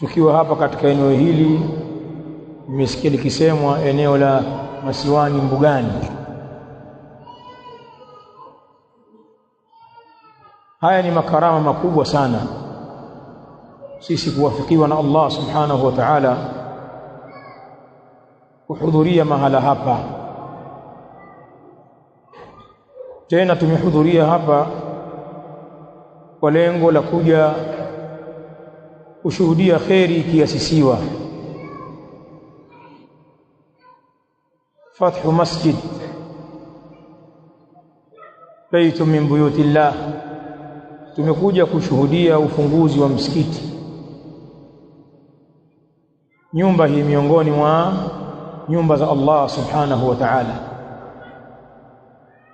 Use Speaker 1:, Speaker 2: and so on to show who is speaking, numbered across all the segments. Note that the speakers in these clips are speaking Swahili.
Speaker 1: Tukiwa hapa katika eneo hili, mmesikia likisemwa eneo la Masiwani Mbugani. Haya ni makarama makubwa sana sisi kuwafikiwa na Allah subhanahu wa ta'ala kuhudhuria mahala hapa. Tena tumehudhuria hapa kwa lengo la kuja kushuhudia kheri ikiasisiwa. Fathu masjid baitu min buyuti llah, tumekuja kushuhudia ufunguzi wa msikiti. Nyumba hii miongoni mwa nyumba za Allah subhanahu wa ta'ala.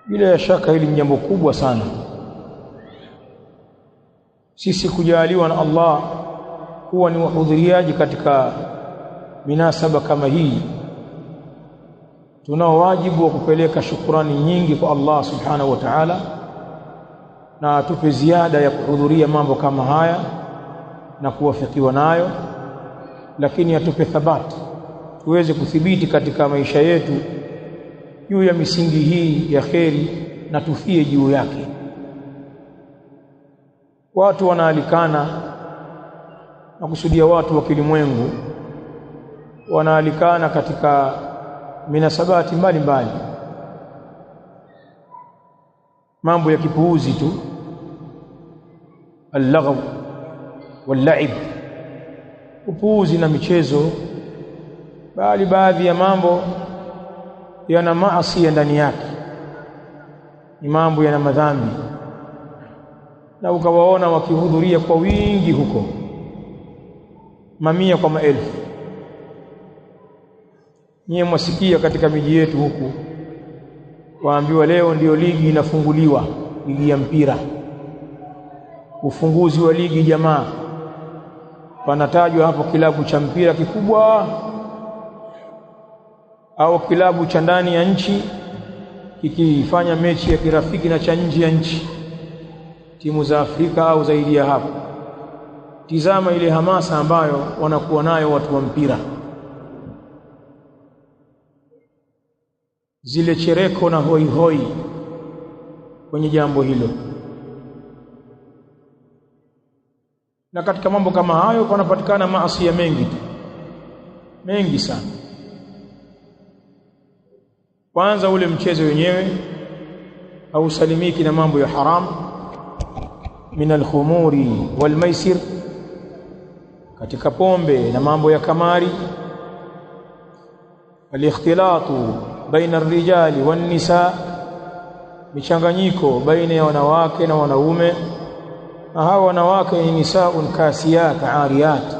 Speaker 1: Bila ya shaka hili ni jambo kubwa sana, sisi kujaaliwa na Allah huwa ni wahudhuriaji katika minasaba kama hii, tunao wajibu wa kupeleka shukurani nyingi kwa Allah subhanahu wa ta'ala, na tupe ziada ya kuhudhuria mambo kama haya na kuwafikiwa nayo, lakini atupe thabati, tuweze kuthibiti katika maisha yetu juu ya misingi hii ya kheri na tufie juu yake. Watu wanaalikana na kusudia watu wa kilimwengu wanaalikana katika minasabati mbalimbali mbali. mambo ya kipuuzi tu allaghw wallaib upuuzi na michezo bali baadhi ya mambo yana maasi ya ndani yake ni mambo yana madhambi na ukawaona wakihudhuria kwa wingi huko mamia kwa maelfu. Nyie mwasikia katika miji yetu huku, waambiwa leo ndiyo ligi inafunguliwa, ligi ya mpira, ufunguzi wa ligi. Jamaa panatajwa hapo kilabu cha mpira kikubwa au kilabu cha ndani ya nchi kikifanya mechi ya kirafiki na cha nje ya nchi, timu za Afrika au zaidi ya hapo tizama ile hamasa ambayo wanakuwa nayo watu wa mpira, zile chereko na hoihoi hoi kwenye jambo hilo. Na katika mambo kama hayo panapatikana maasi ya mengi tu mengi sana. Kwanza ule mchezo wenyewe hausalimiki na mambo ya haramu min alkhumuri walmaisir katika pombe na mambo ya kamari alikhtilatu baina rijali wan nisa, michanganyiko baina ya wanawake na wanaume. Na hawa wanawake ni nisaun kasiyat ariyat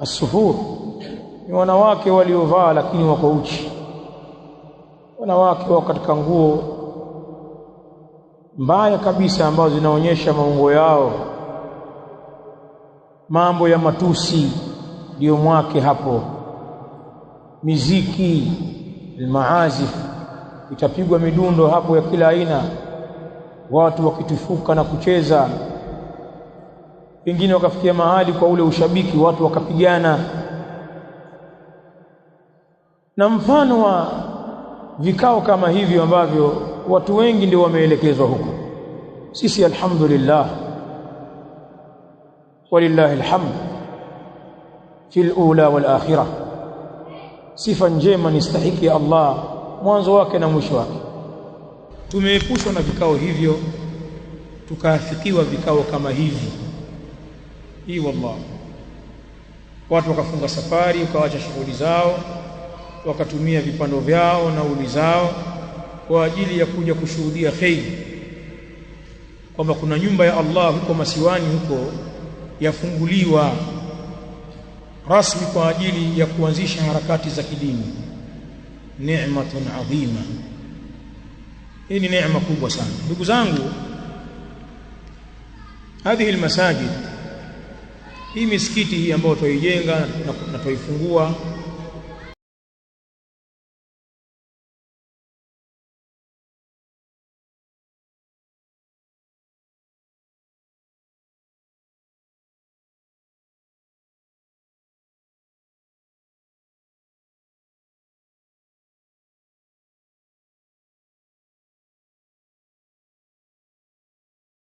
Speaker 1: asufur, ni wanawake waliovaa lakini wako uchi, wanawake wako katika nguo mbaya kabisa ambazo zinaonyesha maungo yao mambo ya matusi ndio mwake hapo, miziki almaazif, itapigwa midundo hapo ya kila aina, watu wakitufuka na kucheza, pengine wakafikia mahali kwa ule ushabiki, watu wakapigana, na mfano wa vikao kama hivyo ambavyo watu wengi ndio wameelekezwa huko. Sisi alhamdulillah walillahi الحمد في الاولى والاخره sifa njema ni stahiki ya Allah mwanzo wake na mwisho wake tumeepushwa na vikao hivyo tukaafikiwa vikao kama hivi hii wallah watu wakafunga safari wakaacha shughuli zao wakatumia vipando vyao na uli zao kwa ajili ya kuja kushuhudia khair kwamba kuna nyumba ya Allah huko masiwani huko yafunguliwa rasmi kwa ajili ya kuanzisha harakati za kidini. Ni'matun adhima, hii ni neema kubwa sana ndugu zangu. Hadhihi lmasajid hii misikiti hii ambayo twaijenga na twaifungua